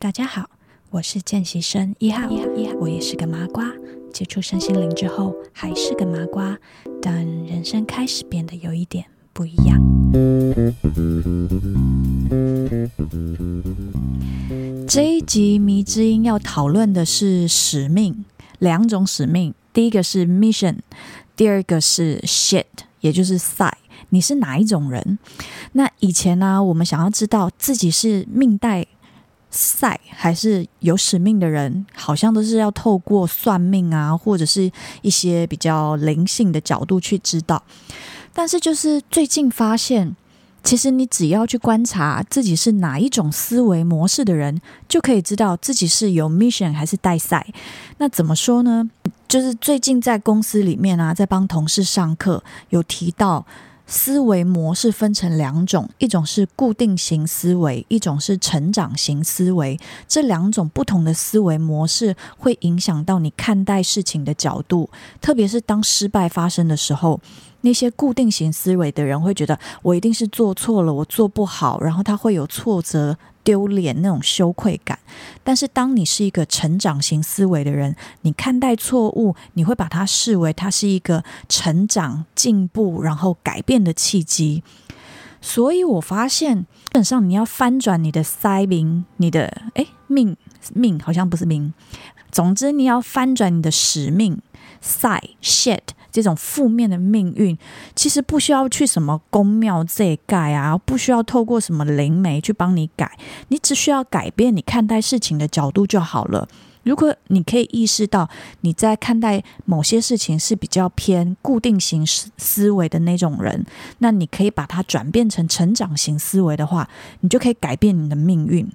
大家好，我是見習生一號一號一號，我也是個麻瓜。接觸身心靈之後，還是個麻瓜，但人生開始變得有一點不一樣。這一集謎之音要討論的是使命，兩種使命，第一個是 mission，第二個是 shit，也就是屎。你是哪一種人？那以前呢、啊，我們想要知道自己是命帶。賽還是有使命的人，好像都是要透過算命啊，或者是一些比較靈性的角度去知道。但是就是最近發現，其實你只要去觀察自己是哪一種思維模式的人，就可以知道自己是有 mission 還是帶賽。那怎麼說呢？就是最近在公司裡面啊，在幫同事上課，有提到。思維模式分成兩種，一種是固定型思維，一種是成長型思維。這兩種不同的思維模式會影響到你看待事情的角度，特別是當失敗發生的時候。那些固定型思維的人會覺得，我一定是做錯了，我做不好，然後他會有挫折、丟臉那種羞愧感。但是，當你是一個成長型思維的人，你看待錯誤，你會把它視為它是一個成長、進步，然後改變的契機。所以我發現，基本上你要翻轉你的塞明，你的哎命命好像不是命，總之你要翻轉你的使命。曬 shit 這種負面的命運，其實不需要去什麼宮廟這改啊，不需要透過什麼靈媒去幫你改，你只需要改變你看待事情的角度就好了。如果你可以意識到你在看待某些事情是比較偏固定型思思維的那種人，那你可以把它轉變成成長型思維的話，你就可以改變你的命運。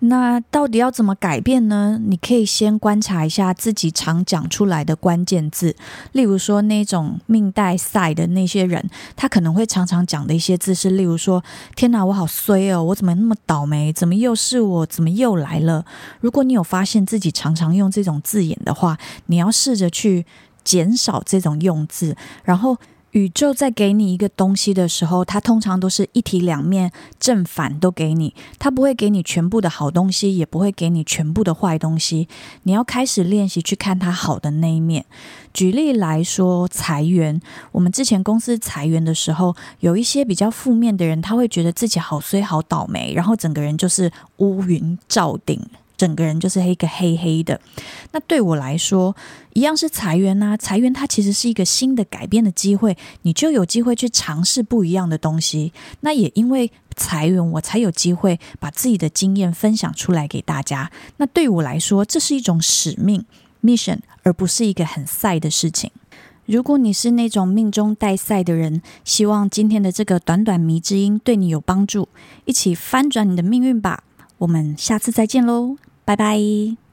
那到底要怎麼改變呢？你可以先觀察一下自己常講出來的關鍵字，例如說那種命帶賽的那些人，他可能會常常講的一些字是，例如說“天哪，我好衰哦，我怎麼那麼倒霉？怎麼又是我？怎麼又來了？”如果你有發現自己常常用這種字眼的話，你要試着去減少這種用字，然後。宇宙在給你一個東西的時候，它通常都是一體兩面，正反都給你。它不會給你全部的好東西，也不會給你全部的壞東西。你要開始練習去看它好的那一面。舉例來說，裁員，我們之前公司裁員的時候，有一些比較負面的人，他會覺得自己好衰好倒霉，然後整個人就是烏雲罩頂。整個人就是一個黑黑的。那對我來說，一樣是裁員吶、啊。裁員它其實是一個新的改變的機會，你就有機會去嘗試不一樣的東西。那也因為裁員，我才有機會把自己的經驗分享出來給大家。那對我來說，這是一種使命 mission，而不是一個很賽的事情。如果你是那種命中帶賽的人，希望今天的這個短短謎之音對你有幫助，一起翻轉你的命運吧。我們下次再見嘍。拜拜。